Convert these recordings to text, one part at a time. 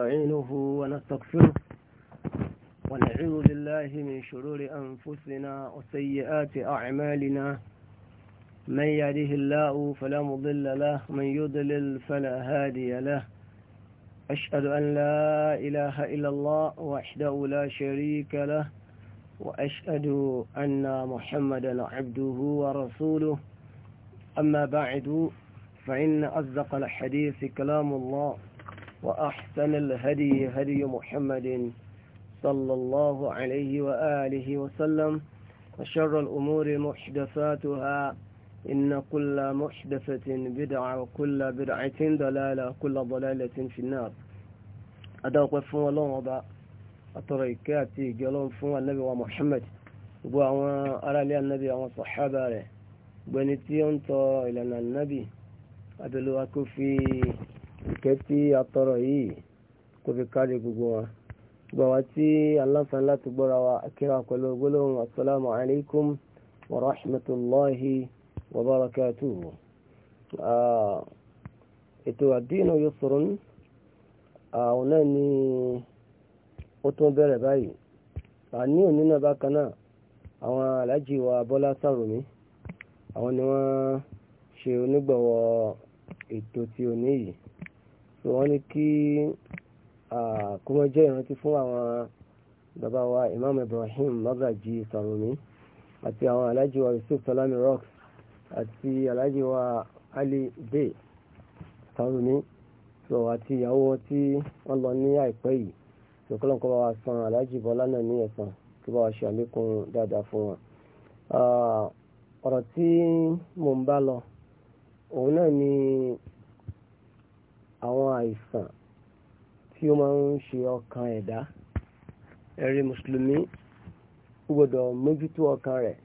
نستعينه ونستغفره ونعوذ بالله من شرور أنفسنا وسيئات أعمالنا من يهده الله فلا مضل له من يضلل فلا هادي له أشهد أن لا إله إلا الله وحده لا شريك له وأشهد أن محمدا عبده ورسوله أما بعد فإن أصدق الحديث كلام الله وأحسن الهدي هدي محمد صلى الله عليه وآله وسلم وشر الأمور محدثاتها إن كل محدثة بدعة وكل بدعة ضلالة كل ضلالة في النار أدوق فون الله وضع أتريكاتي قالون فون النبي ومحمد وأرى لي النبي وصحابة له بنتي أنت إلى النبي أدلوك في ìkẹ́ tí a tọrọ yìí kò fi kárí gbogbo wa gbogbo wa tí aláǹfààní láti gbọ́ra wa akẹ́wà pẹ̀lú gbólóhùn asalaamu alaykum wa rahmatulahi wa barakatuhu. ètò àdínà yusrun àwọn náà ni ó tún bẹ̀rẹ̀ báyìí àní òní náà bákan náà àwọn aláàjì wa bọ́lá sàrùmí àwọn ni wọ́n ṣe onígbọ̀wọ́ ètò ti òní yìí so wọ́n ní kí kúmọ jẹ́ ìrántí fún àwọn bàbá wa Imam Ibrahim Magaji Sarumi àti àwọn alájí wa Yusuf Salami Rocks àti alájí wa Ali Bey Sarumi so àti ìyàwó tí wọ́n lọ ní àìpẹ́ yìí so kọ́lọ́n kọ́ bá wa san alájí bọ́lá náà ní ẹ̀san kí bá wa ṣe àlékún dáadáa fún wọn. ọ̀rọ̀ tí mò ń bá lọ òun náà ni. àwọn àìsàn tí ó máa ń ṣe ọkàn ẹ̀dá ẹ̀rí mùsùlùmí ó gbọ́dọ̀ mójútó ọkàn rẹ̀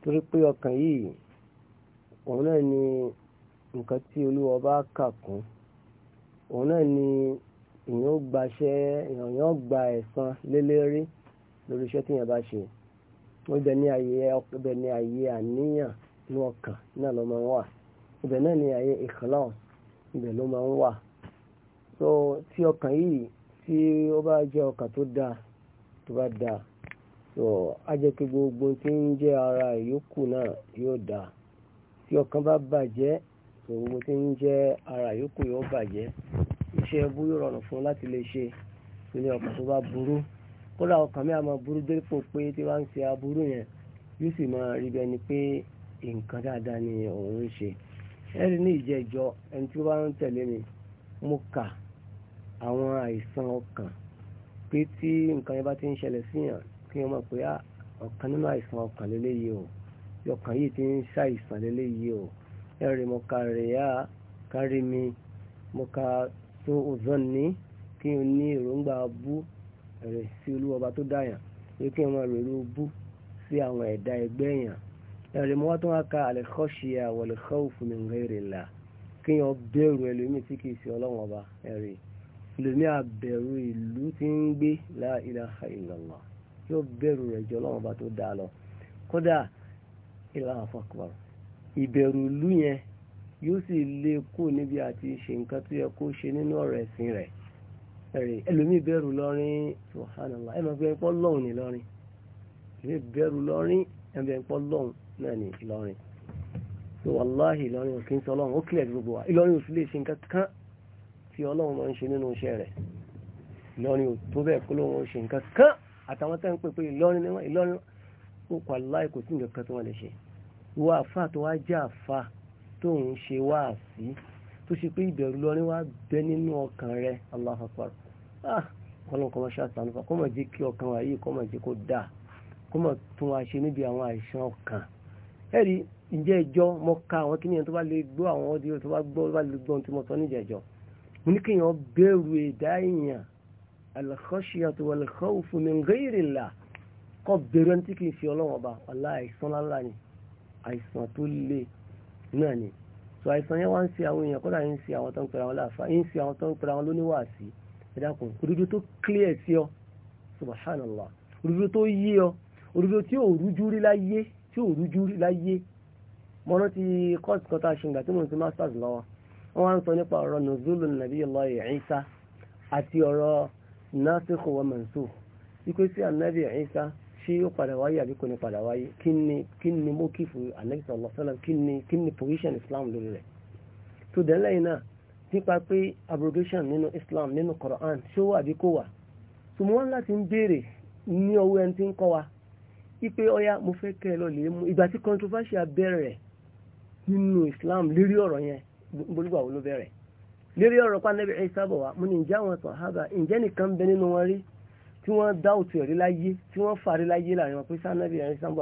torí pé ọkàn yìí òun náà ni nǹkan tí olúwa bá kà kún òun náà ni èèyàn gbaṣẹ́ èèyàn gba ẹ̀san lélẹ́rí lórí iṣẹ́ tí èèyàn bá ṣe àníyàn ní ọkàn ibẹ̀ ló máa ń wà so tí ọkàn yìí tí ó bá jẹ́ ọkàn tó dáa tó bá dáa so á jẹ́ pé gbogbo tí ń jẹ́ ara ìyókù náà yóò dáa tí ọkàn bá bàjẹ́ so gbogbo tí ń jẹ́ ara ìyókù yóò bàjẹ́ iṣẹ́ ẹbú yóò rọrùn fún láti lè ṣe ilé ọkàn tó bá burú kódà ọkàn mi àmọ́ burú dépò pé tí wọ́n ń ṣe aburú yẹn yóò sì máa rí bẹ́ẹ̀ ni pé nǹkan dáadáa ni òun ń ṣe ẹ̀rí ní ìjẹ́jọ́ ẹni tí ó bá ń tẹ̀lé mi mo kà àwọn àìsàn ọkàn pé tí nǹkan yẹn bá ti ń ṣẹlẹ̀ síyàn kí wọ́n mọ̀ pé ah, ọ̀kan nínú àìsàn ọkàn lélẹ́yìí o bí ọkàn yìí ti ń ṣàìsàn lélẹ́yìí o ẹ̀rí mo ka rẹ̀yà kárí mi mo ka tó òzọ́n ní kí n ní èròǹgbà bú ẹ̀rẹ̀ sí olúwọba tó dáyàn pé kí n máa rò ló bú sí àwọn ẹ̀dá ẹgbẹ́ yàn ẹ̀rẹ̀ mọ́ tó wá ka al-khashya wal-khawf min ghayrillah kí yàn bẹ̀rù ẹlòmíì tí kìí ṣe ọlọ́wọ́n ọba ẹ̀rẹ̀ ẹlòmíì àbẹ̀rù ìlú tí ń gbé la ilaha illallah yóò bẹ̀rù rẹ̀ jọ ọlọ́wọ́n ọba tó dá lọ kódà Allahu akbar ìbẹ̀rù ìlú yẹn yóò sì lé kó níbi àti ṣe nǹkan tó yẹ kó ṣe nínú ọ̀rọ̀ ẹ̀sìn rẹ̀ ẹ̀rẹ̀ ẹlòmíì bẹ̀rù lọ́rin subhanallah ẹ̀ máa gbé ẹ̀pọ̀ ní lọ́rin náà ní Ìlọrin so wàláhì Ìlọrin ò kí ń sọ Ọlọ́run ó kílẹ̀ gbogbo wa Ìlọrin ò sì lè ṣe nǹkan kan tí Ọlọ́run máa ń ṣe nínú iṣẹ́ rẹ̀ Ìlọrin ò tó bẹ́ẹ̀ kó lóun ó ṣe nǹkan kan àtàwọn tẹ́ ń pè pé Ìlọrin ni wọ́n Ìlọrin ó kọ aláì kò sí nǹkan kan tí wọ́n lè ṣe wọ́n àfa tó wá jẹ́ àfa tó ń ṣe wáàsí tó ṣe pé ìbẹ̀rù lọ́rin wá bẹ nínú ọkàn rẹ̀ Allahu ah kọ́lọ́n kọ́mọ ṣàtàlùfà kọ́mọ jẹ́ kí ọkàn wa yìí kọ́mọ jẹ́ kó dáa kọ́mọ tún wa ṣe níbi àwọn àìsàn ọkàn ẹ̀rí ǹjẹ́ ẹjọ́ mo ka àwọn kí nìyẹn tó bá lè gbọ́ àwọn ọdí tó bá gbọ́ tó bá lè gbọ́ ohun tí mo sọ níjà ẹjọ́ mo ní kéèyàn bẹ̀rù ẹ̀dá èèyàn al-khashiyatu wal-khawfu min ghayrillah kọ́ bẹ̀rù ẹni tí kì í fi ọlọ́wọ́n ọba ọ̀la àìsàn lálá ni àìsàn tó le náà ni so àìsàn yẹn wá ń ṣe àwọn èèyàn kọ́dà ń ṣe àwọn tó ń pera wọn láàfà ń ṣe àwọn tó ń pera tí ò rújú láyé mo rántí kọ́ọ̀sì kan tá a ṣe ìgbà tí mo ti masters lọ́wọ́ wọ́n wá ń sọ nípa ọ̀rọ̀ nùzúlù nàbí Allah Ìsá àti ọ̀rọ̀ nasikh wa mansu wípé sí ànábì Ìsá ṣé ó padà wáyé àbí kò ní padà wáyé kí ni mo kí fún ànábì sallallahu alaihi wasallam kí ni position Islam lórí rẹ̀ tó dẹ̀ lẹ́yìn náà nípa pé abrogation nínú Islam nínú Quran ṣó wà àbí kò wà tòmọ́ láti ń béèrè ní ọwọ́ ẹni tí ń kọ́ wa ipe ọya mo fẹ́ kẹ́ lọ lè mú ìgbà tí controversial bẹ̀rẹ̀ nínú Islam lérí ọrọ yẹn gbólúgbà wo ló bẹ̀rẹ̀ lérí ọrọ pa nẹ́bí ẹ̀sà bọ̀ mo ní ìjà nìkan bẹ nínú wọn rí tí dá láyé tí fàrí láyé láàrin wọn pé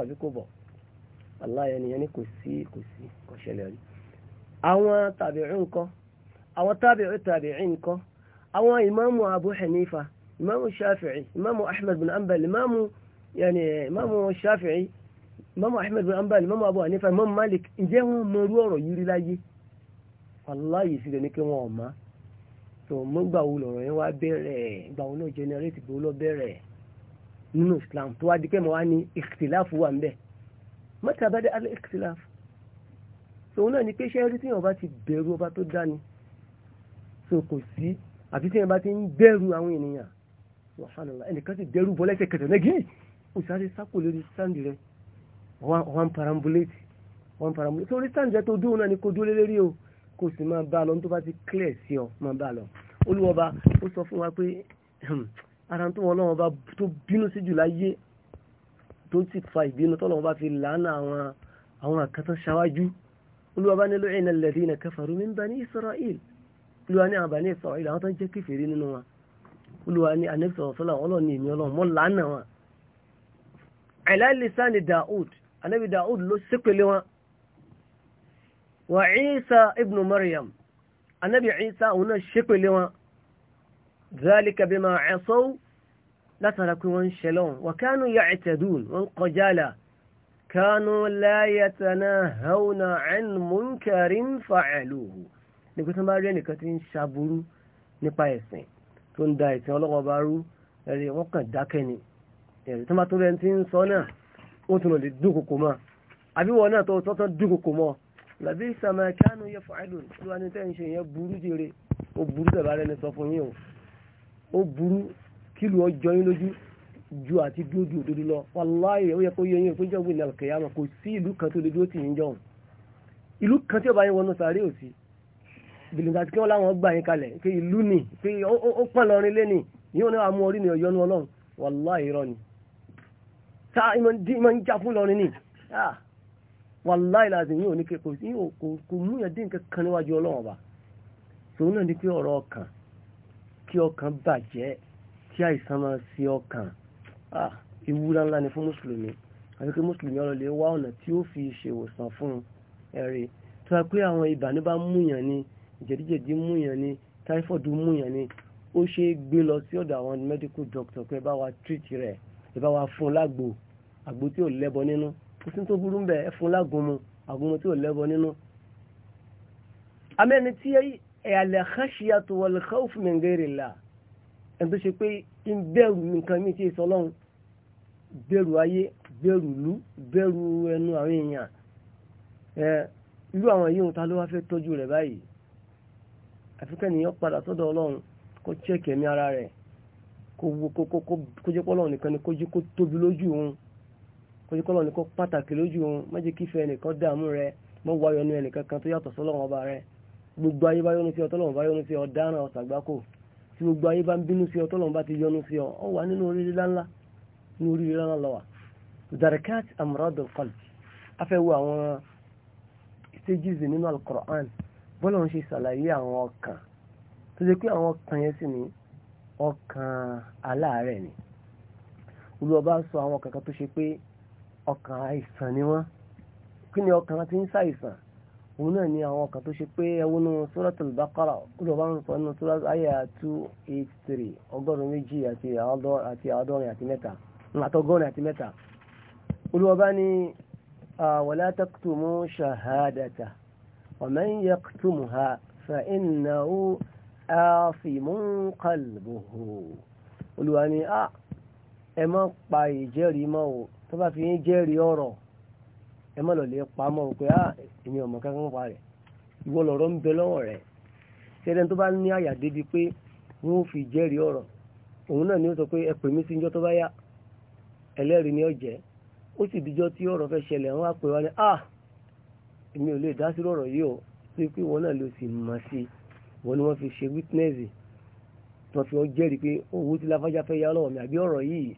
àbí kò aláyẹ nìyẹn ni kò sí kò sí kò ṣẹlẹ̀ rí. àwọn tàbíìn ńkọ́ àwọn tàbíìn tàbíìn ńkọ́ àwọn ìmáàmù Abu ìmáàmù ìmáàmù yẹni ìmáàmù Shafi'i ìmáàmù Ahmed bin Hanbal ìmáàmù Abu Hanifa ìmáàmù Malik ǹjẹ́ wọ́n mọ irú ọ̀rọ̀ yìí rí láyé aláyè sí rẹ̀ ní kí wọ́n ọ̀ma tó mọ́ gbà wo lọ̀rọ̀ yẹn wá bẹ̀rẹ̀ gbà wo náà jẹnẹrétì gbà wo lọ bẹ̀rẹ̀ nínú Islam tó wá di kẹ́mọ̀ wá ní ìkìtìláfù wà ń bẹ̀ mọ́tà bá dé alẹ́ ìkìtìláfù tòun náà ni pé ṣẹ́rí tí èèyàn bá ti bẹ̀rù ọba tó dání so kò sí àfi tí èèyàn bá ti ń bẹ̀rù àwọn ènìyàn wàhálà ẹnìkan ti bẹ̀rù bọ́ lẹ́sẹ̀ kẹtẹ̀ ó sáré sápò lórí sáǹdì rẹ wọn parambuléètì wọn parambuléètì torí sáǹdì rẹ tó dúró náà ni kò dúró lérí o kò sì máa bá a lọ tó bá ti clear sí ọ máa bá a lọ olúwọba ó sọ fún wa pé ara tó wọn lọ́wọ́ bá tó bínú sí jù láyé tó sì fa ìbínú tó lọ́wọ́ bá fi làánà àwọn àwọn àkàtọ́ ṣáwájú olúwọba ní lu'ina alladhina kafaru min bani Isra'il olúwa ní àwọn bani Isra'il àwọn tó ń jẹ́ kèfèrí nínú wa olúwa ní anẹ́bísọ̀rọ̀ sọ́lá ọlọ́ọ̀ni ìmí ọlọ́run mọ́ làánà wọn ala lisani Daud anabi Daud ló sípele wọn wà Isa ibn Maryam anabi Isa òun náà sípele wọn zalika bima asaw látara pé wọ́n ń ṣẹlọ́n wà kánú ya'tadun wọ́n kọjálà kánú la yatanahawna an munkarin fa'aluhu ní pé tó bá rí ẹnìkan tí ń ṣaburú nípa ẹ̀sìn tó ń da ẹ̀sìn ọlọ́wọ́ bá rú ẹ̀rẹ̀ wọ́n kàn dákẹ́ ni ẹ̀rì tó má tó bẹ́ẹ̀ tí ń sọ náà ó tún lè dúkòkò mọ́ àbí wọn náà tó tọ́tọ́ dúkòkò mọ́ làbí sàmà kánú yẹ fún àìdùn tí wọn ní tẹ́ ń ṣe yẹn burú jèrè ó burú tẹ̀ bá rẹ̀ ní sọ fún yín o ó burú kílù ọjọ́ yín lójú ju àti dúró ju òdodo lọ wàláyé ó yẹ kó yẹ yín ìpínjọ́ gbìn nàlùkẹ́ yá kò sí ìlú kan tó lè dúró tì yín jọ̀hún ìlú kan tí ó bá yín wọnú sàárè òsì bìlìǹgà tí wọn láwọn gbà yín kalẹ̀ pé ìlú ni pé ó pọ̀ lọrin lé ni ní àmú orí ni ọ̀yọ́nu ọlọ́run wàláyé rọ ni ká ìmọ̀ ń já fún lọ nínú ah, wàláì láti yíò ní kéko sí kò mú yẹn dín kankan níwájú ọlọ́wọ́n bá tòun náà ní pé ọ̀rọ̀ ọkàn kí ọkàn bàjẹ́ kí àìsàn máa sí ọkàn ah, ìwúra ńlá ni fún muslimi, àti pé mùsùlùmí ọ̀rọ̀ lè wá ọ̀nà tí ó fi ṣèwòsàn fún ẹ̀rí tó wá pé àwọn ibà ní bá múyàn ni jẹ̀díjẹ̀dí múyàn ni táífọ̀dù múyàn ni ó ṣe é gbé lọ sí ọ̀dọ̀ medical doctor pé ba wa treat re ìbá wa fún un lágbo àgbo tí ò lẹ́bọ nínú kò sí tó burú bẹ́ẹ̀ ẹ fún un lágbo mu àgbo mu tí ò lẹ́bọ nínú. amẹ́ni tí al-khashiyatu wal-khawfu min ghayrillah ẹni tó ṣe pé ń bẹ̀rù nǹkan mi ti sọ lọ́hùn bẹ̀rù ayé bẹ̀rù ìlú bẹ̀rù ẹnu àwọn èèyàn irú àwọn yìí ń ta ló wá fẹ́ tọ́jú rẹ̀ báyìí àfikẹ́ nìyẹn padà sọ́dọ̀ ọlọ́run kó chẹ́kẹ̀ẹ́ mi ara rẹ̀ kó wo kó kó kó jẹ́ pọ́lọ́ nìkan ni kó jẹ́ kó tóbi lójú òun kó jẹ́ pọ́lọ́ nìkan pàtàkì lójú òun má jẹ́ kífẹ́ ẹnìkan dààmú rẹ mọ́ wáyọ̀ nu ẹnìkan kan tó yàtọ̀ sọ́lọ́wọ́n ọba rẹ gbogbo ayé bá yọnu sí ọ tọ́lọ́wọ́n bá yọnu sí ọ dáràn ọ̀sàgbákò tí gbogbo ayé bá ń bínú sí ọ bá ti yọnu sí ọ ọ wà nínú oríire láńlá ní oríire láńlá lọ wà. amradul qalbi afẹ́ wo àwọn stages nínú alukoran bọ́lá ń ṣe ṣàlàyé àwọn ọkàn tó ṣe pé àwọn ọkàn yẹn sì ní ọkàn aláàárẹ̀ ni olùọba sọ àwọn kankan tó ṣe pé ọkàn àìsàn ni wọ́n kí ni ọkàn ti ń ṣàìsàn òun náà ni àwọn ọkàn tó ṣe pé ẹwọ́nú suratul baqara olùọba ń sọ nínú sọ́rọ́ àyà two eight three ọgọ́rùn méjì àti àádọ́rin àti mẹ́ta hmm, àtọ́gọ́rin àti mẹ́ta olùọba ni wala taktumu shahadata wa man yaktumha fa innahu asimun qalbuhu olùwà ni a ah, ẹ má pa ìjẹ́rìí mọ́ o tó bá fi ń jẹ́rìí ọ̀rọ̀ ẹ má lọ̀lẹ́ pa mọ́ o pé a ah, èmi ọmọ kankan pa rẹ̀ ìwọ lọ̀rọ̀ ń bẹ lọ́wọ́ rẹ̀ ṣẹ́dẹ̀ tó bá ní àyà débi pé wọ́n fi jẹ́rìí ọ̀rọ̀ òun náà ni ó sọ pé ẹ pè mí sí njọ́ tó bá yá ẹlẹ́rìí ni ó jẹ́ ó sì dijọ́ tí ọ̀rọ̀ fẹ́ ṣẹlẹ̀ wọ́n á pè wá ní ah èmi ò lè dá sí ọ̀rọ̀ yìí o pé pé ìwọ náà ló sì mọ̀ sí i wọ́n ni wọ́n fi ṣe witness tó fi jẹ́rìí pé owó tí láfájá fẹ́ yá lọ́wọ́ mi àbí ọ̀rọ̀ yìí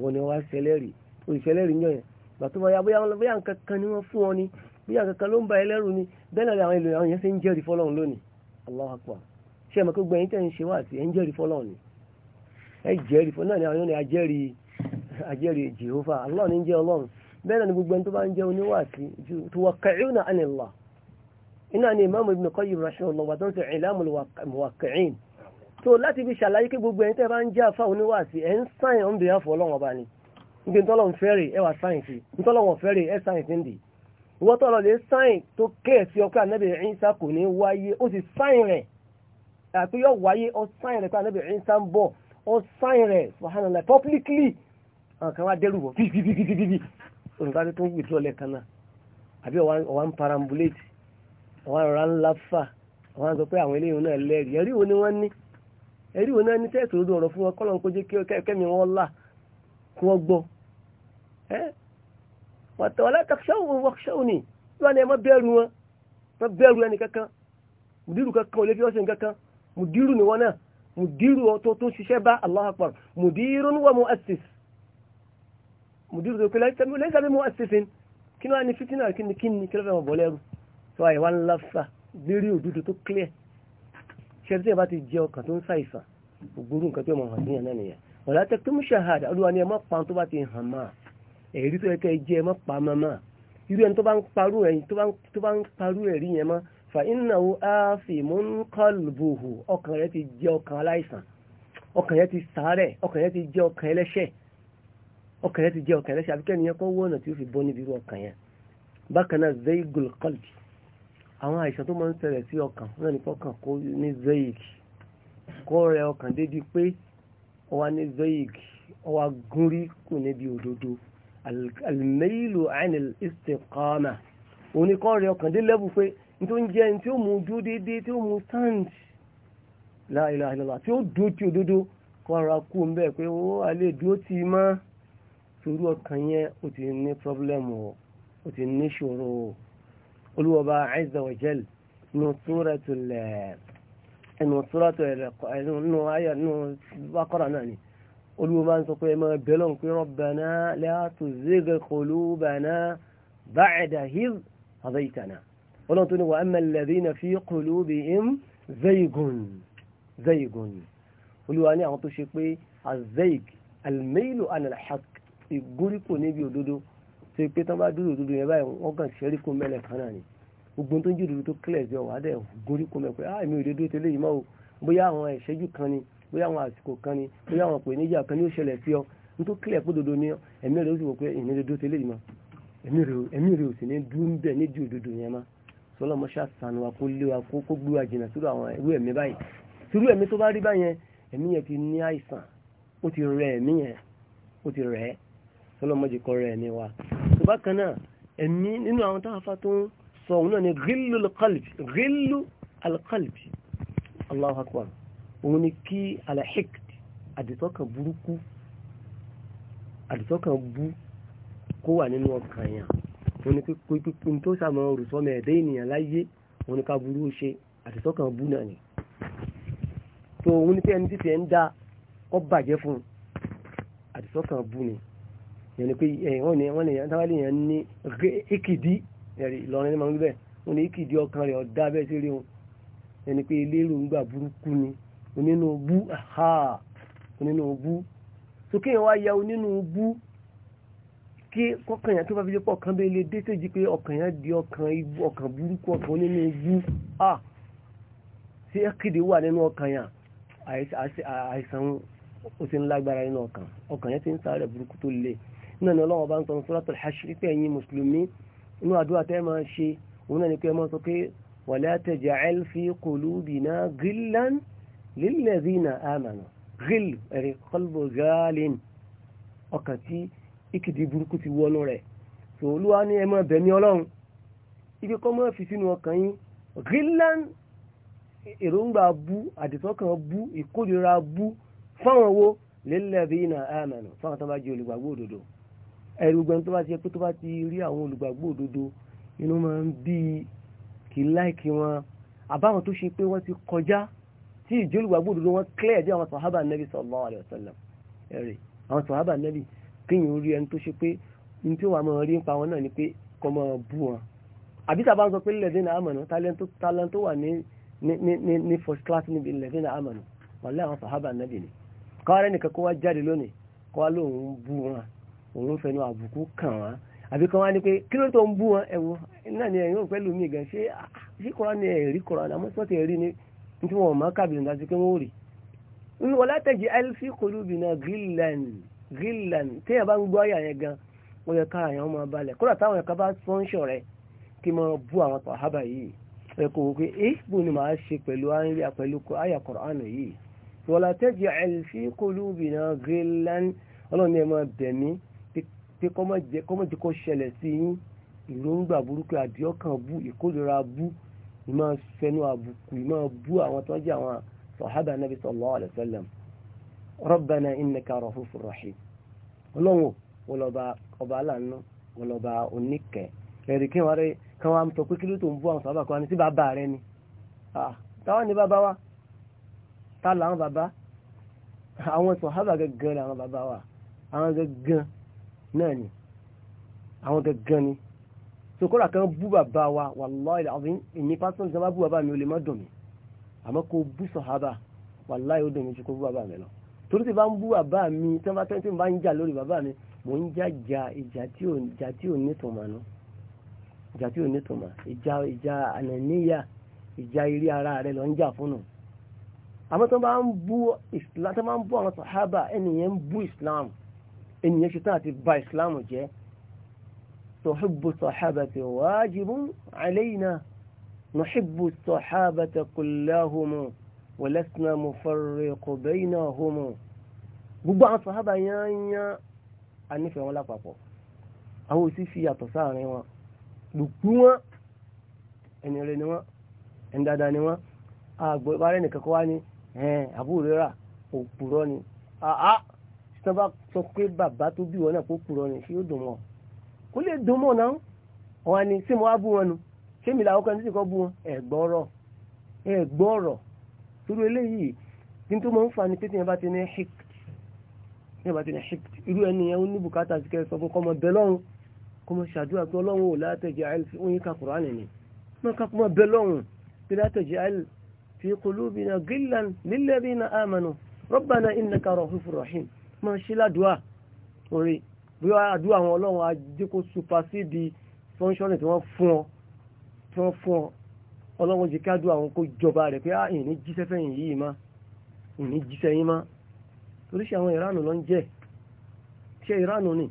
wọ́n ni wọ́n wá sẹlẹ́rì olùsẹlẹ́rì yàn yẹn gbàtó bóyá bóyá nǹkan kan ni wọ́n fún ọ ni bóyá nǹkan kan ló ń ba ẹlẹ́rù ni bẹ́ẹ̀ ni àwọn èlò àwọn yẹn ṣe ń jẹ́rìí fọlọ́run lónìí Allahu Akbar ṣé ẹ̀ mọ̀ gbẹ̀yìn tẹ̀ ń ṣe wá àti ẹ̀ ń jẹ́rìí fọlọ́run ni ẹ̀ jẹ́rìí fọlọ́run náà ni àwọn yóò ní ajẹ́rìí ajẹ́rìí Jehovah Allah ni ń jẹ́ ọlọ́run bẹ́ẹ̀ ni gbogbo ẹni tó bá ń jẹ́ oníwàásí tuwakkaluna ala Allah iná ni imaamu ibn qayyim rahimahullah wà tó ń sọ ìlàmù muwaqqi'in so láti fi ṣàlàyé kí gbogbo ẹni tẹ́ bá ń já fáwọn oníwàásí ẹ̀ ń sáyìn ọ̀n bìyà fọ́ ọlọ́wọ́n ọba ni níbi ntọ́lọ́wọ́n fẹ́rẹ̀ ẹ wà sáyìn sí ntọ́lọ́wọ́n fẹ́rẹ̀ ẹ sáyìn sí ndì ìwọ́ tọ́lọ́ lè sáyìn tó kẹ́ẹ̀ sí ọkọ ànábì Ìsá kò ní wáyé ó sì sáyìn rẹ̀ àti yọ wáyé ọ sáyìn rẹ̀ pé ànábì Ìsá ń bọ̀ ọ àwọn arọra ńlá fà àwọn sọ pé àwọn eléyìí náà lẹ́rìí ẹ̀rí ni wọ́n ní ẹ̀rí wo náà ní tẹ́ẹ̀tì odò ọ̀rọ̀ fún wọn kọ́lọ̀ ń kojú kẹ́mi wọn là kí wọ́n gbọ́ ẹ́ wàtà wàlá takṣáwò wọ́ṣáwò ni wọ́n ní ẹ má bẹ̀rù wọn má bẹ̀rù ẹnì kankan mùdírù kankan ò lè fi ọ́sìn kankan mùdírù ni wọ́n náà mùdírù ọ̀tọ̀ tó ń ṣiṣẹ́ bá Allahu Akbar mùdírù ni wọ́n mu'assis mùdírù tó kí lẹ́sàmí mu'assisin ni wọ́n á ní fitinà kí ni kí ni kí wọn bọ́ tó àyẹ̀wá ńlá fà lérí òdodo tó clear ṣẹ́rí tí ẹ bá ti jẹ ọkàn tó ń ṣàìsàn ògbóró nǹkan tó mọ̀ hàn sí ẹ̀nà nìyẹn ọ̀la tẹ tó ń ṣàhàdà olúwa ni ẹ má pa tó bá ti hàn máa ẹ̀rí tó yẹ kẹ́ ẹ jẹ ẹ má pa máa máa irú ẹni tó bá ń parú ẹ̀yìn tó bá ń parú ẹ̀rí yẹn mọ́ fa innahu afimun qalbuhu ọkàn rẹ ti jẹ ọkàn aláìsàn ọkàn yẹn ti sàárẹ̀ ọkàn yẹn ti jẹ ọkàn ẹlẹ́ṣẹ̀ ọkàn yẹn ti jẹ ọkàn ẹlẹ́ṣẹ̀ àbíkẹ́ nìyẹn kọ́ wọ́n tí ó fi bọ́ níbi irú ọkàn yẹn bákan náà zaygul qalbi àwọn àìsàn tó máa ń ṣẹlẹ̀ sí ọkàn náà ní kọ́kàn kó ní zeik kó rẹ ọkàn débi pé ó wá ní zeik ó wá gúnrí kù níbi òdodo almeilu anil istiqama òun ni kọ́ rẹ ọkàn dé lẹ́bù pé tó ń jẹ́ tí ó mú dúró déédéé tí ó mú stand la ilaha illallah tí ó dúró tí òdodo kọ́ ara kú ń bẹ́ẹ̀ pé ó alẹ́ dúró tì í torí ọkàn yẹn ó ti ní problem ó ti ní ṣòro o olúwọba azza wa jal nínú suratul ẹnu suratul ẹnu ayọ̀ nínú bákọ́rà náà ni olúwọba ń sọ pé ẹmọ bẹ́lọ̀n pé rabbana la tuzigh qulubana ba'da idh hadaytana ọlọ́run tó ní wa amma alladhina fi qulubihim zaygun zaygun olúwa ní àwọn tó ṣe pé azayg almailu anil haqq níbi òdodo ṣe pé tán bá dúró dúdú yẹn báyìí wọ́n kàn ṣẹ́rí kún mẹ́lẹ̀ kan náà ni gbogbo tó ń jù dúdú tó kílẹ̀ sí ọ̀wá dẹ̀ gorí kún mẹ́ pé ah èmi ò dédú tẹ́lẹ̀ yìí mọ́ o bóyá àwọn ìṣẹ́jú kan ni bóyá àwọn àsìkò kan ni bóyá àwọn ìpèníjà kan ni ó ṣẹlẹ̀ sí ọ n tó kílẹ̀ pé dodo ni ẹ̀mí rẹ̀ ó sì wò pé ìní dédú tẹ́lẹ̀ yìí mọ́ ẹ̀mí rẹ̀ ò sì ní dúró ń bẹ̀ ní jù dúdú yẹn mọ́ sọlọ́mọ ṣàṣàánú wa kó lé wa kó gbé wa jìnnà sírú àwọn irú ẹ̀mí báyìí sírú ẹ̀mí tó bá rí báyẹn ẹ̀mí yẹn ti ní àìsàn ó ti rẹ̀ ẹ̀mí yẹn ó ti rẹ̀ ẹ́ sọlọ́mọdé kan rẹ̀ ní wa tó bá kan náà ẹ̀mí nínú àwọn táwàfà tó ń sọ òun náà ni gílù alqalbi gílù alqalbi Allahu akbar òun ni kí alahik àdìsọ́kàn burúkú àdìsọ́kàn bú kó wà nínú ọkàn yàn òun ni pípín tó sàmọ́ olùsọ́mọ ẹ̀dẹ́ ènìyàn láyé òun ni ká burú ṣe àdìsọ́kàn bú náà ni tó òun ni pé ẹni títí ẹ̀ ń dá kọ́ bàjẹ́ fún àdìsọ́kàn bú ni yẹn ni pé eh, wọ́n ní wọ́n ní tábàlì yẹn ní ìkìdí ẹ̀rí Ìlọrin ní ma ń gbẹ wọ́n ní ìkìdí ọkàn rẹ̀ ọ̀dá bẹ́ẹ̀ sí rí wọn yẹn ni pé elérò ń gbà burúkú ni onínú bú ha onínú bú sókè yẹn wá ya onínú bú kí kọkàn yẹn tó bá fi jẹ́ pọ̀ kan bẹ́ẹ̀ lé dé tó jí pé ọkàn yẹn di ọkàn ibú ọkàn burúkú ọkàn onínú bú ha sí ìkìdí wà nínú ọkàn yẹn àìsàn ó ti ń lágbára nínú ọkàn ọkàn yẹn ti ń sáré burúkú tó le náà ni ọlọ́wọ́ bá ń sọ̀rọ̀ suratul Hashr pé ẹ̀yin mùsùlùmí inú àdúrà tẹ́ máa ṣe òun náà ni pé ẹ máa sọ pé wala taj'al fi qulubina ghillan lilladhina amanu ghill ẹ̀rẹ̀ qalbu ghalin ọkàn tí ìkìdí burúkú ti wọnú rẹ̀ tó olúwa ní ẹ máa bẹ̀mí ọlọ́run ibi kọ́ máa fi sínú ọkàn yín ghillan èròǹgbà bú àdìsọ́kàn bú ìkórìíra bú fáwọn wo lilladhina amanu fáwọn tó bá jẹ́ olùgbàgbọ́ òdodo ẹ̀rù gbẹ̀rún tó bá ti yẹ pé tó bá ti rí àwọn olùgbàgbọ́ òdodo inú máa ń bí kì í láìkí wọn àbáwọn tó ṣe pé wọ́n ti kọjá tí ìjọ olùgbàgbọ́ òdodo wọn clear dé àwọn sàhábà nẹ́bí sallallahu alaihi wasallam ẹ̀rẹ̀ àwọn sàhábà nẹ́bí kéèyàn rí ẹni tó ṣe pé ní tí wàá máa rí ń pa wọn náà ni pé kọ́ máa bú wọn àbí tàbá ń sọ pé lẹ́dínà àmọ̀nà talent first class níbi lẹ́dínà àmọ̀nà wọ́n lé àwọn sàhábà ni káwárẹ́ nìkan kó wá jáde lónìí kó òun fẹnu àbùkù kàn wá àbí kan wá ní pé kí ló tó ń bú wọn ẹwọ náà ni ẹ̀yin ò pẹ́ gan ṣé ah, ṣé kọrọ ni ẹ̀rí kọ́ra ni àmọ́ sọ́ọ̀tì ẹ̀rí ni tí wọn ò mọ kábìlì náà pé wọn ò rì ń wọlé àtẹ̀jẹ́ alfi qulubina gillan gillan téèyàn bá ń gbọ́ yẹn gan ó yẹ kára yẹn máa balẹ̀ kódà táwọn ẹ̀ka bá sọ́ńṣọ̀ rẹ kí bú àwọn sàhábà yìí ẹ kò wò pé eh, bó ni màá ṣe pẹ̀lú pẹ̀lú ọlọ́run máa pé kọ́mọ̀jẹ́ kó ṣẹlẹ̀ sí yín ìròǹgbà burúkú àdìọ́kàn bú ìkórira bú ìmọ̀ fẹnu àbùkù ìmọ̀ bú àwọn tó ń jẹ́ àwọn sọ̀hábà nàbí sallallahu alaihi wasallam rabbana innaka rahufur rahim ọlọ́run wọlọ́ba ọba aláàánú wọlọ́ba oníkẹ́ ẹ̀rì kí wọ́n rẹ kí wọ́n sọ pé kí ló tó ń bú àwọn sọ̀hábà kan ní sí bàbá rẹ ni táwọn ní bàbá wa tá làwọn bàbá àwọn sọ̀hábà gẹ́gẹ́ làwọn bàbá wa àwọn gẹ́gẹ́ náà ni àwọn gangan ni so kódà kan bú bàbá wa wàláì àwọn ìní pásítọ̀ nígbà bú bàbá mi ò lè má dùn mí àmọ́ kó bú sọ̀hábà wàláì ó dùn mí ju kó bú bàbá mi lọ torí tí bá ń bú bàbá mi tí wọ́n bá tẹ́tí bá ń jà lórí bàbá mi mò ń já ja ìjà tí ò nítumọ̀ náà ìjà tí ò nítumọ̀ ìjà ìjà ànàníyà ìjà eré ara rẹ lọ ń jà fún un àmọ́ tó bá ń bú Islam ènìyàn ṣetán àti ba islam jẹ́ tuhibbu sahabati wajibun alayna nuhibbu sahabata kullahum wa lasna mufarriqu baynahum gbogbo àwọn sahaba yányán anífẹ̀ẹ́ wọn lápapọ̀ àwọn òsì fi yàtọ̀ sáàrin wọn gbogbo wọn ẹni rẹ ni tó bá sọ pé bàbá tó bí wọn náà kó kúrọ ni ṣé yóò dùn wọn kó lè dùn mọ́ náà wọn ni ṣé mo wá bú wọn nu ṣé mi làwọn kan títí kọ́ bú wọn ẹ̀gbọ́rọ̀ ẹ̀gbọ́rọ̀ torí eléyìí ní tó máa ń fa ni pé tí yẹn bá ti ní hik ní àbá tí ní ṣípt irú ẹni yẹn ó ní bùkátà sí kẹsọ fún kọmọ bẹ lọ́run kọmọ ṣàdúrà pé ọlọ́run ò látẹ̀jẹ̀ àìl fi oyin ka kùránì ni wọn ká kọmọ bẹ lọ́run pé látẹ̀jẹ̀ àìl fi qulubina gillan lilladhina amanu rabbana innaka rahufur rahim máa ṣe ládùúà orí bí àdúrà àwọn ọlọ́run ajékó supasíìdì fọ́nṣọ́nì tí wọ́n fún ọ tí wọ́n fún ọ ọlọ́run jẹ́ ká dùn àwọn kó jọba rẹ̀ pé àyìn ah, ní jíṣẹ́ fẹ́yìn yìí má ìní jíṣẹ́ yín má oríṣi àwọn ìránù ló ń jẹ́ ṣe ìránù ni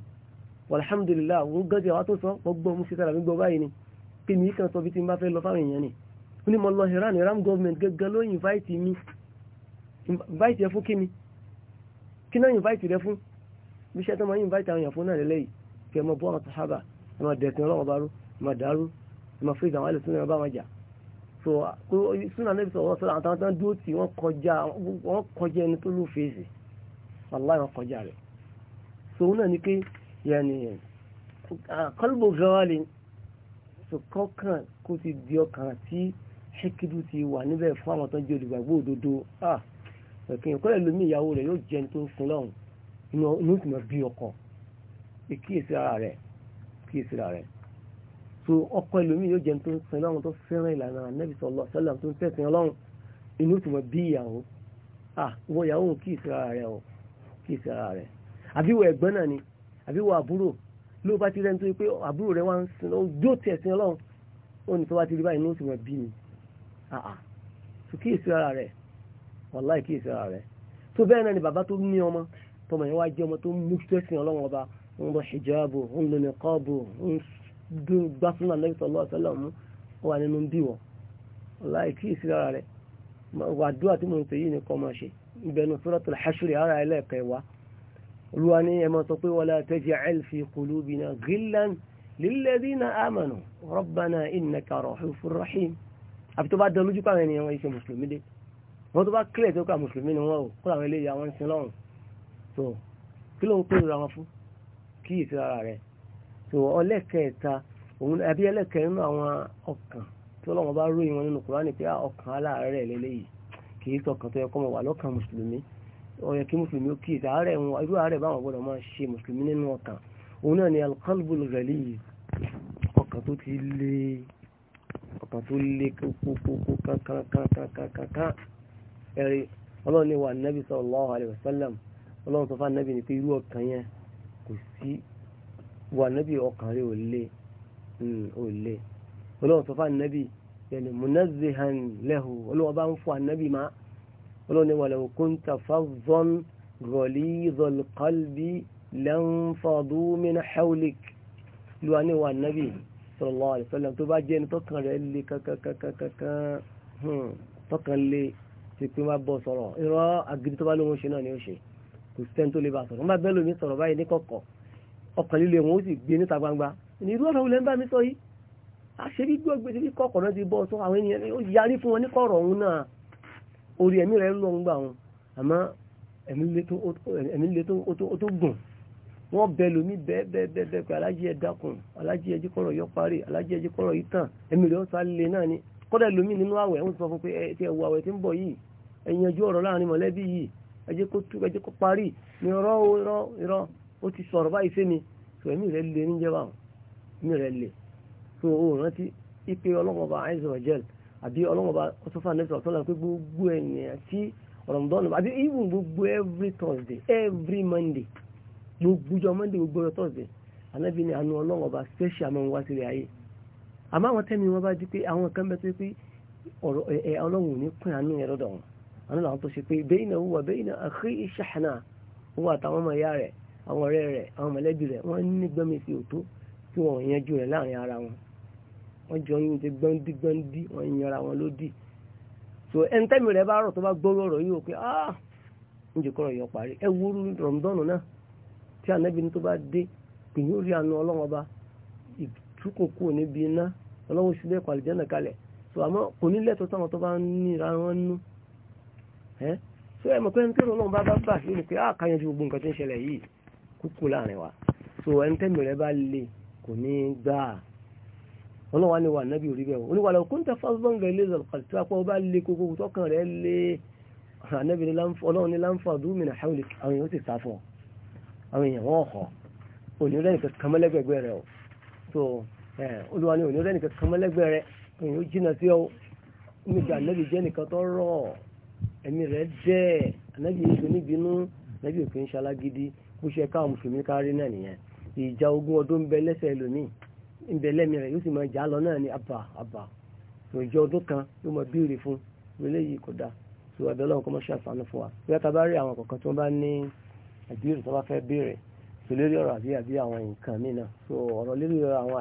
alhamdulillah òun gẹ́gẹ́ wa tó sọ wọ́n gbọ́ mú sítára mi gbọ́ báyìí ni pé mi kàn sọ bí ti ń bá fẹ́ lọ fáwọn èèyàn ni ó ní mo lọ ìránù ìránù gọ́ọ̀mẹ̀ntì gẹ́gẹ́ ló invite mi invite ẹ fún kí mi kí náà invite rẹ fún bí iṣẹ́ tó máa invite àwọn èèyàn fún náà lélẹ́yìí kí ẹ máa bọ́ àwọn sàhábà ẹ máa dẹ̀sìn ọlọ́wọ́ bá rú ẹ máa dàrú ẹ máa fíìsì àwọn àlùsùn náà bá wọn jà so kó súnà níbi sọ̀rọ̀ sọ̀rọ̀ àtàwọn tó ń dúró tì wọ́n kọjá wọ́n kọjá ẹni tó lù fèsì wàláì wọ́n kọjá rẹ̀ so òun náà ni pé yẹni kọlùbù gawali so kọ́kàn kó ti di ọkàn tí ṣékìdù ti wà níbẹ̀ fún àwọn tó ń jẹ́ olùgbàgbọ́ òdodo ah ẹ̀kìn ìkọ́ ẹlòmí ìyàwó rẹ̀ yóò jẹun tó ń sin lọ́hùn inú ìtùnà bí ọkọ ìkíyèsí ara rẹ̀ kíyèsí ara rẹ̀ so ọkọ ẹlòmí yóò jẹun tó ń sin lọ́hùn tó fẹ́ràn ìlànà Ànábì sallallahu alaihi wasallam tó ń tẹ̀sìn Ọlọ́hun inú ìtùnà bí ìyàwó ah wọ ìyàwó kíyèsí ara rẹ̀ o kíyèsí ara rẹ̀ àbíwọ̀ ẹ̀gbọ́n náà ni àbíwọ̀ àbúrò ló bá ti rẹ́ nítorí pé àbúrò rẹ̀ wá ń sin lọ́hùn yóò tẹ̀sìn Ọlọ́hun ó ní tó bá ti rí báyìí inú ìtùnà bí ah ah so kíyèsí ara rẹ̀ wàláì kí ìsira rẹ̀ tó bẹ́ẹ̀ náà ni bàbá tó ní ọmọ tọmọ yẹn wá jẹ́ ọmọ tó mú tẹ́sìn ọlọ́run ọba ń lọ hijabu ń lọ niqabu ń gbá súnà Nabi sallallahu alaihi wasallam wà nínú bí wọ wàláì kí ìsira rẹ̀ wàdúrà tí mo ń pè yìí ni kọ́ máa ṣe ìbẹ̀nu suratul Hashr ara ẹlẹ́ẹ̀kẹwàá olúwa ní ẹ máa sọ pé wala taj'al fi qulubina ghillan lilladhina amanu rabbana innaka rahufur rahim àbí tó bá dán lójú pàwọn ènìyàn wọn iṣẹ́ mùsùlùmí dé wọ́n tó bá kílẹ̀ tó kà mùsùlùmí ni wọ́n o kó àwọn eléyà wọn sin lọ́rùn so kí ló ń pè ra wọn fún kí èsì ara rẹ̀ so ọlẹ́kẹ̀ẹ́ta òun àbí ẹlẹ́kẹ̀ẹ́ nínú àwọn ọkàn tí ọlọ́wọ́n bá ròyìn wọn nínú kùránì pé ọkàn aláàárẹ̀ lélẹ́yìí kì í sọkàn tó yẹ kọ́ mọ̀ wà lọ́kàn mùsùlùmí ó yẹ kí mùsùlùmí ó kí èsì àárẹ̀ wọn irú àárẹ̀ báwọn gbọ́dọ̀ máa ṣe mùsùlùmí nínú ọkàn òun náà ni alqalbul ghaliz ọkàn tó ti le ọkàn tó le kankankankankankankan ẹ̀rí ọlọ́run ní wa nẹ́bí sallallahu alaihi wasallam ọlọ́run sọ fún nẹ́bí ni pé irú ọkàn yẹn kò sí wa nẹ́bí ọkàn rẹ̀ ò lé hmm, ò lé ọlọ́run sọ fún nẹ́bí yẹni munazzihan lahu ọlọ́run bá ń fún nẹ́bí má ọlọ́run ní wa law kunta fazzan ghalidhal qalbi lanfadu min hawlik ló wà ní wa nẹ́bí sallallahu alaihi tó bá jẹ́ ẹni tọkàn rẹ̀ lé kankan kankan hmm, tọkàn lé tí pé má bọ́ sọ̀rọ̀ irọ́ agidi tó bá ṣe náà ni ó ṣe kò sẹ́ni tó lè bá sọ̀rọ̀ wọ́n bá bẹ́ẹ̀ lómi sọ̀rọ̀ báyìí ní kọ̀kọ̀ ọkàn líle wọn ó sì gbé níta gbangba ní irú ọ̀rọ̀ wulẹ̀ ń bá mi sọ yìí àṣebí gbọ́gbé ti fi kọ̀kọ̀ náà ti bọ́ sọ àwọn ènìyàn ó yarí fún wọn ní kọ̀rọ̀ òun náà orí ẹ̀mí rẹ̀ lọ ń gbà wọn àmọ́ ẹ̀mí le tó gùn wọ́n bẹ́ẹ̀ lómi bẹ́ẹ̀ bẹ́ẹ̀ bẹ́ẹ̀ pé alájí ẹ dákun alájí ẹ jí kọ̀rọ̀ yọ parí alájí ẹ jí kọ̀rọ̀ yìí tàn ẹ̀mí rẹ̀ ó sá lé náà ni kọ́dà lómi nínú àwẹ̀ ń sọ fún pé ẹ ti ẹ̀ wọ àwẹ̀ tí ń bọ̀ yìí ẹ̀yànjú ọ̀rọ̀ láàrin mọ̀lẹ́bí yìí ẹ jẹ́ kó tú ẹ jẹ́ kó parí ni ọ̀rọ̀ irọ́ irọ́ ó ti sọ̀rọ̀ báyìí fẹ́mi tó ẹ̀mí rẹ̀ lè níjẹba ẹ̀mí rẹ̀ lè tó o rántí ipe ọlọ́mọba àìsàn ọ̀jẹ̀l àbí ọlọ́mọba ọ̀sọ́fà nẹ́sọ̀ ọ̀tọ́lá pé gbogbo ẹ̀yìn àti Ramadan àbí even gbogbo every Thursday every Monday gbogbo jọ Monday gbogbo ọjọ́ Thursday anábì ni àánú ọlọ́mọba special àmọ́ wọn wá sílẹ̀ ayé àmọ́ àwọn tẹ́mi wọn bá di pé àwọn kan bẹ́ẹ̀ tó pé ọlọ́run ò ní pín àánú yẹn lọ́dọ̀ wọn àwọn làwọn tó ṣe pé bẹ́yìn náà wà bẹ́yìn náà àkè ìṣàhánà wọ́n àtàwọn ọmọ ìyá rẹ̀ àwọn ọ̀rẹ́ rẹ̀ àwọn mọ̀lẹ́bí rẹ̀ wọ́n ní gbẹ́mí sí òtó tí wọ́n yanjú rẹ̀ láàrin ara wọn wọ́n jọ ń ṣe gbọ́ndí gbọ́ndí wọ́n yanra wọn lódì so ẹni tẹ́mi rẹ̀ bá rọ̀ tó bá gbọ́rọ̀ ọ̀rọ̀ yìí ó pé ah oúnjẹ kọ́rọ̀ yọ parí ẹ wúrú rọ̀mùdọ́nù náà tí ànábì ní tó bá dé so àmọ́ kò ní lẹ́tọ̀ọ́ táwọn tó ẹ́ so ẹ mọ̀ pé ní tẹ́lẹ̀ ọlọ́run bá bá bà sí ni pé àkàyànjú ah, gbogbo nǹkan tó ń ṣẹlẹ̀ yìí kúkú láàrin wa so ẹni tẹ́mi rẹ bá le kò ní gbà á ọlọ́run wa ni wà nábì orí bẹ́ẹ̀ oníwà lọ kúńtà fásitì ńlẹ̀ ilé ìzọ̀lùkàlì tí wàá pọ̀ bá le kókó tọkàn rẹ le ọlọ́run ní láǹfà dúmìnà hàwìlì àwọn èèyàn ti sá fún ọ àwọn èèyàn wọ́n họ onírẹ́nì kankan mẹ́lẹ́gbẹ̀gbẹ́ rẹ o so olúwa ni onírẹ́nì kankan mẹ́lẹ́gbẹ̀ẹ́ rẹ ẹ̀mí rẹ̀ jẹ́ ànábì yìí ṣoní bínú ànábì òkè ń ṣalágídí bó ṣe ká mùsùlùmí kárí náà nìyẹn ìjà ogún ọdún ń bẹ lẹ́sẹ̀ ẹlòmíì ń bẹ lẹ́mí rẹ̀ yóò sì máa jà lọ náà ní àbà ìjọ kan yóò máa bíire fún eléyìí kò dáa tó ẹ̀bẹ̀ lọ́wọ́ kọ́ wa bí wọ́n àwọn kọ̀ọ̀kan tí wọ́n bá ní ìbéèrè tó bá fẹ́ béèrè tó lérí ọ̀rọ̀ àbí àbí àwọn nǹkan míì náà tó ọ̀rọ̀ lérí àwọn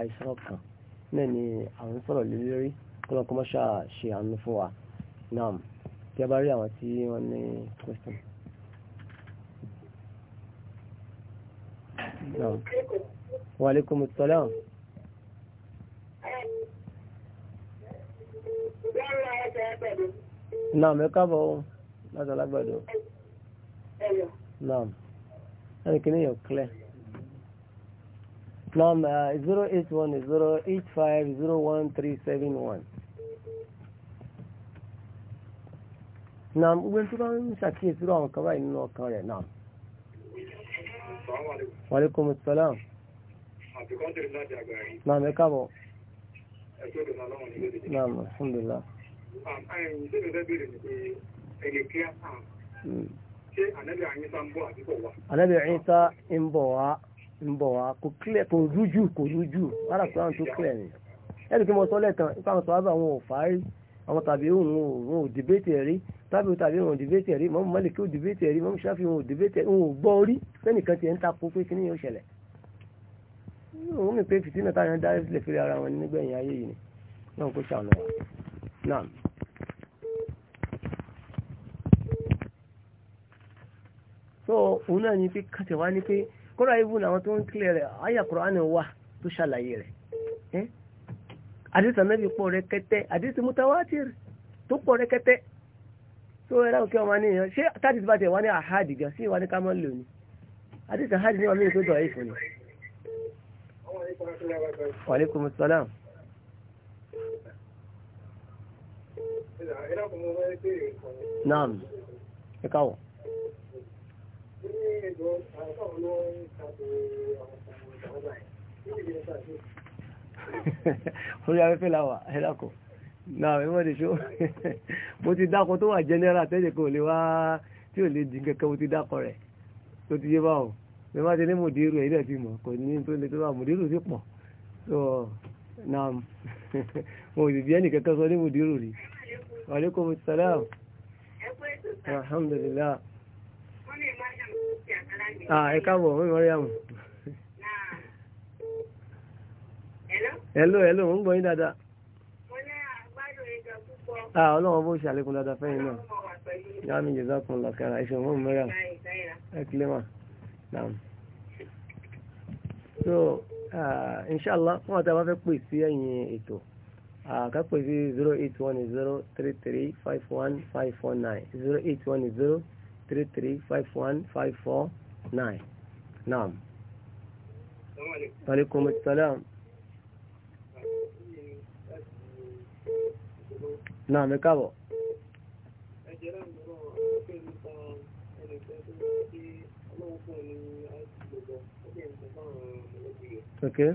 àìsàn tí a bá rí àwọn tí wọ́n ní question. wa alaikum salaam. náà mẹ́ka bọ̀ ọ́ láti alágbàdo. náà ẹni kìíní yóò clear. Eh, zero one three seven one. náà gbogbo tó bá ń ṣàkíyèsí rọ àwọn kan báyìí nínú ọkàn rẹ̀ náà. wàlékùn mùsùlùm. àbíkọ́ndìrì láti àgbà yìí. náà mẹ́ka bọ̀. ẹ̀kọ́ ìdùnnú ọlọ́run ní lóde. náà alhamdulillah. ṣé ìrẹsẹ̀ bèrè ni pé èrè kí á sàn. Hmm. ṣé ànábì àyínsá ń bọ̀ àbí kò wá. ànábì àyínsá ń bọ̀ wá ń bọ̀ wá kò kílẹ̀ kò rújú kò rújú rárá kò ráhùn tó kílẹ̀ ni. ẹ̀rì kí tábìlì tàbí wọn ò dìbẹ́tì ẹ̀rí mọ́mú mọ́lìkì ò dìbẹ́tì ẹ̀rí mọ́mú ṣáfì wọn ò dìbẹ́tì ẹ̀rí wọn ò gbọ́ orí sẹ́nìkan tiẹ̀ ń takò pé kí ni yóò ṣẹlẹ̀ wọ́n mi pé fìtínà táwọn dárí sílẹ̀ fèrè ara wọn nígbẹ̀yìn ayé yìí ni náà kó ṣàánú wa náà. so òun náà ni pé kàtẹ́ wá ní pé kóra ibùn àwọn tó ń kílẹ̀ rẹ̀ àyà Kùránì wà tó ṣàlàyé rẹ̀ àdìsàn náà fi pọ̀ rẹ̀ kẹtẹ́ àdìsàn mutawatir so ẹ̀rọ kí ọmọ ní ṣé táàdì bá tẹ̀ wá ní àhádì gan sí ìwádìí ká mọ́ lò ní àdìsí àhádì ní ọmọ mi tó dọ̀ yìí fún mi. wàlékùm sọlá. naam ẹ káwọ. orí afẹ́fẹ́ la wà ẹ náà ìwọ́n ti ṣó mo ti dákọ tó wà general tẹ́lẹ̀ kò lè wá tí ò lè di kankan mo ti dákọ rẹ̀ tó ti yé báwọn mi má ti ní mòdìrú ẹ̀ ilẹ̀ ti mọ̀ kò ní tó lè tó wà mòdìrú sí pọ̀ so náà mo ò sì bí ẹnì kankan sọ ní mòdìrú rí wàlékò mo ti sàlám alhamdulillah ẹ káàbọ̀ wọ́n mi mọ̀ rí àmọ̀. hello hello mo ń gbọ́ yín dáadáa. Ah, ọlọ́wọ́ bó ṣe àlékún dáadáa fẹ́yìn náà yàrá mi jẹ́sà kun lọ́kàrà ẹ̀ṣẹ̀ mọ́ mẹ́rà ẹ̀ kílẹ̀mà náà. so ah, inshallah fún àti àwọn afẹ́ pè sí ẹ̀yìn ètò àkápè sí zero eight one zero three three five one five four nine zero eight one zero three three five salaam. náà mi káàbọ̀. Okay.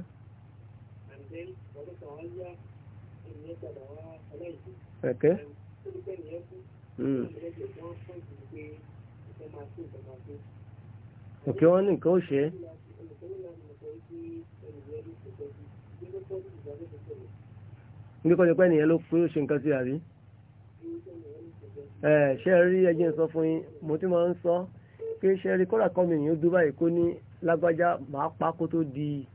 Okay. Mm. Okay, wọ́n ní nǹkan ó ṣe é níbi kọ́ ni pé ènìyàn ló pé ó ṣe nǹkan sí àrí ẹ ṣe rí ẹjẹ sọ fún yín mo ti máa ń sọ pé ṣe rí kọ́ra kọ́ mi ènìyàn dúbà yìí kó ní lágbájá màá pa kó tó di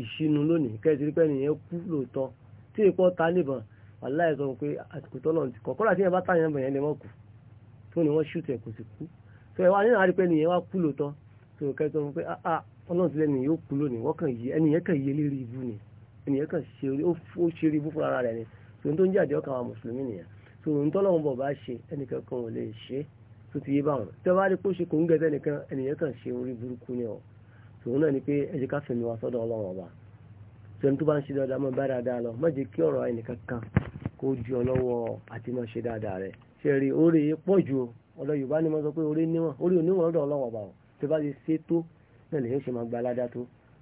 ìṣinu lónìí kẹ́ẹ̀sì pé ènìyàn kú lóòótọ́ tí èèpọ̀ ta níbọn wàláhì sọ pé àsìkò tọ́lọ̀ ti kọ́ kọ́ra tí yẹn bá tàyàn bẹ̀yẹn lè mọ́ kù tó ni wọ́n ṣùtẹ̀ kò sì kú tó ẹ wá nínú àrí pé ènìyàn wá kú lóòótọ́ tó kẹ́ẹ̀sì sọ pé ah, ah, ọlọ́run ti lẹ́nu yóò kú lónìí wọ́n kàn yí ẹnìyẹn kàn yí eléyìí ibú ni ènìyàn kan ṣe orí ó ṣe orí fúnfún ara rẹ̀ ni tòun tó ń jáde ọkàn àwọn mùsùlùmí nìyẹn tòun tọ́lọ́run bọ̀ bá ṣe ẹnìkan kan ò lè ṣe tó ti yé báwọn tí wọ́n bá rí pé ó ṣe kò ń gẹ̀ẹ́sẹ̀ nìkan ènìyàn kan ṣe orí burúkú ni ọ tòun náà ni pé ẹ jẹ́ ká fẹ̀mí wa sọ́dọ̀ ọlọ́run ọba tòun tó bá ń ṣe dáadáa mọ́ bá dáadáa lọ má jẹ́ kí ọ̀rọ̀ ẹnìkan kan kó ju ọ lọ́wọ́ àti má ṣe dáadáa rẹ̀ ṣe rí oore pọ̀ ju ọ̀dọ̀ yorùbá ni mo sọ pé oore níwọ̀n oore oníwọ̀n lọ́dọ̀ ọlọ́run ọba ò tí wọ́n bá ṣe tó náà lè ṣe máa gba aládá tó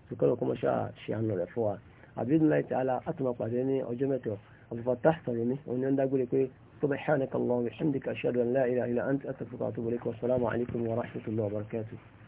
ṣùkọ́ lọ́kọ́ mọ́ṣáà ṣe àánú rẹ̀ fún wa عبد الله تعالى أطمق عليني أجمته وفتحت عليني وإن عندها أقول لك إيه، سبحانك الله وحمدك أشهد أن لا إله إلا أنت أتفقاته عليك والسلام عليكم ورحمة الله وبركاته